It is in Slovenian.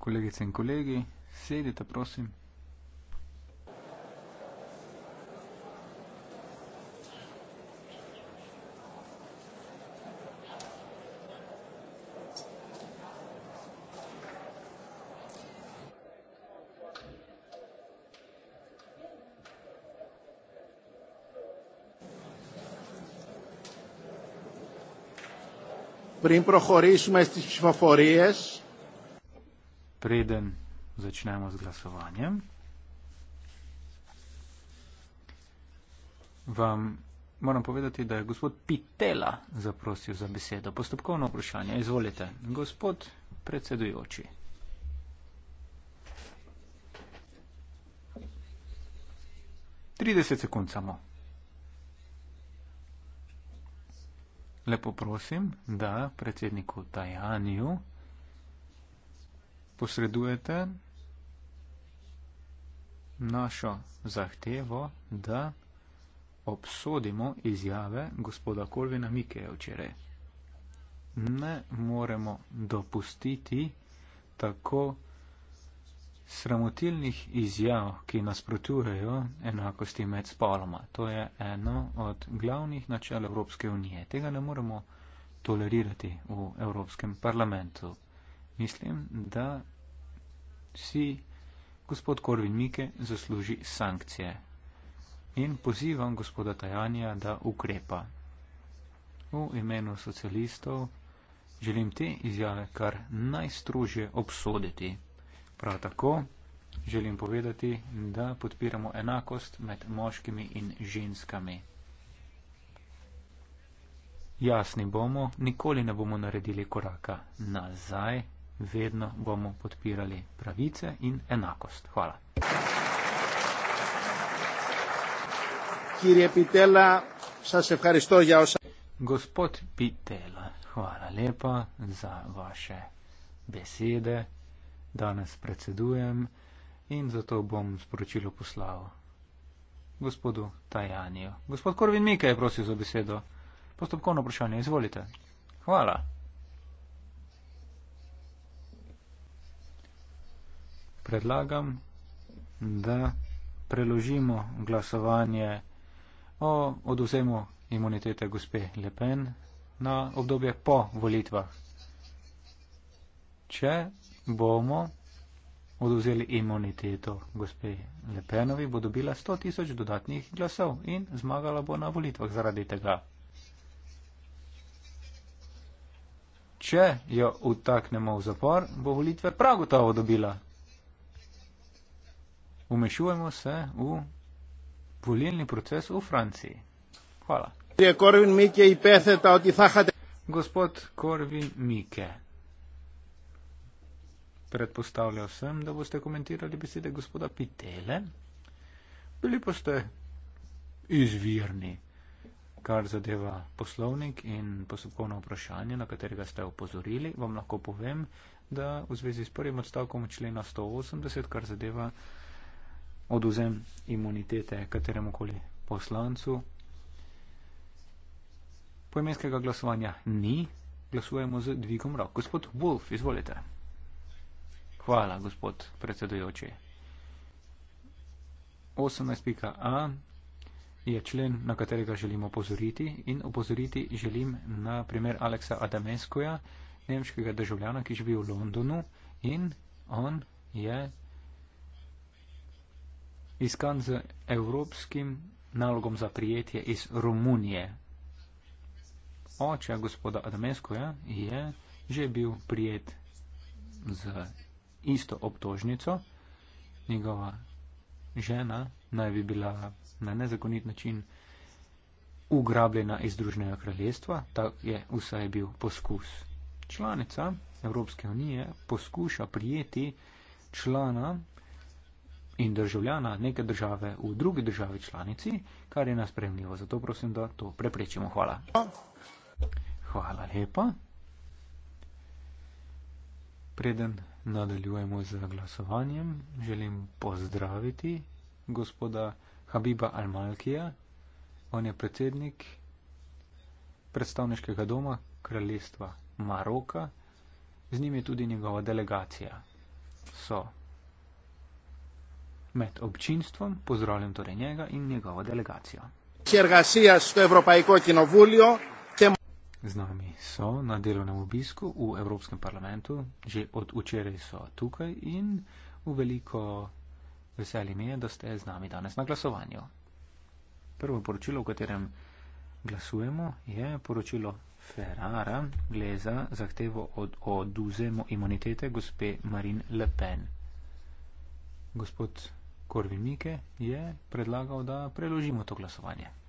Kolegice in kolegi, sedite prosim. Πριν προχωρήσουμε στις ψηφοφορίες, preden začnemo z glasovanjem, vam moram povedati, da je gospod Pitela zaprosil za besedo. Postopkovno vprašanje. Izvolite, gospod predsedujoči. Trideset sekund samo. Lepo prosim, da predsedniku Tajaniju posredujete našo zahtevo, da obsodimo izjave gospoda Kolvina Mikeja včeraj. Ne moremo dopustiti tako sramotilnih izjav, ki nasprotujejo enakosti med spoloma. To je eno od glavnih načel Evropske unije. Tega ne moremo tolerirati v Evropskem parlamentu mislim, da si gospod Korvin Mike zasluži sankcije. In pozivam gospoda Tajanja, da ukrepa. V imenu socialistov želim te izjave kar najstrožje obsoditi. Prav tako želim povedati, da podpiramo enakost med moškimi in ženskami. Jasni bomo, nikoli ne bomo naredili koraka nazaj, vedno bomo podpirali pravice in enakost. Hvala. Gospod Pitela, hvala lepa za vaše besede. Danes predsedujem in zato bom sporočilo poslal gospodu Tajanju. Gospod Korvin Mika je prosil za besedo. Postopkovno vprašanje, izvolite. Hvala. predlagam, da preložimo glasovanje o oduzemu imunitete gospe Le Pen na obdobje po volitvah. Če bomo oduzeli imuniteto gospe Le Penovi, bo dobila 100 tisoč dodatnih glasov in zmagala bo na volitvah zaradi tega. Če jo utaknemo v zapor, bo volitve prav gotovo dobila umešujemo se v volilni proces v Franciji. Hvala. Gospod Korvin Mike, predpostavljal sem, da boste komentirali besede gospoda Pitele. Bili pa ste izvirni, kar zadeva poslovnik in posebno vprašanje, na katerega ste upozorili. Vam lahko povem, da v zvezi s prvim odstavkom člena 180, kar zadeva oduzem imunitete kateremu koli poslancu. Poimenskega glasovanja ni, glasujemo z dvigom rok. Gospod Wolf, izvolite. Hvala, gospod predsedujoči. 18.a je člen, na katerega želim opozoriti in opozoriti želim na primer Aleksa Adameskoja, nemškega državljana, ki živi v Londonu in on je iskan z evropskim nalogom za prijetje iz Romunije. Oče gospoda Adameskoja je že bil prijet z isto obtožnico. Njegova žena naj bi bila na nezakonit način ugrabljena iz družnega kraljestva, tak je vsaj bil poskus. Članica Evropske unije poskuša prijeti člana, in državljana neke države v drugi državi članici, kar je nasprejemljivo. Zato prosim, da to preprečimo. Hvala. Hvala lepa. Preden nadaljujemo z glasovanjem, želim pozdraviti gospoda Habiba Almalkija. On je predsednik predstavniškega doma kraljestva Maroka. Z njim je tudi njegova delegacija. So med občinstvom, pozdravljam torej njega in njegovo delegacijo. Z nami so na delovnem obisku v Evropskem parlamentu, že od včeraj so tukaj in v veliko veselje mi je, da ste z nami danes na glasovanju. Prvo poročilo, v katerem glasujemo, je poročilo Ferrara Gleza zahtevo od oduzemo imunitete gospe Marine Le Pen. Gospod Korvinike je predlagal, da preložimo to glasovanje.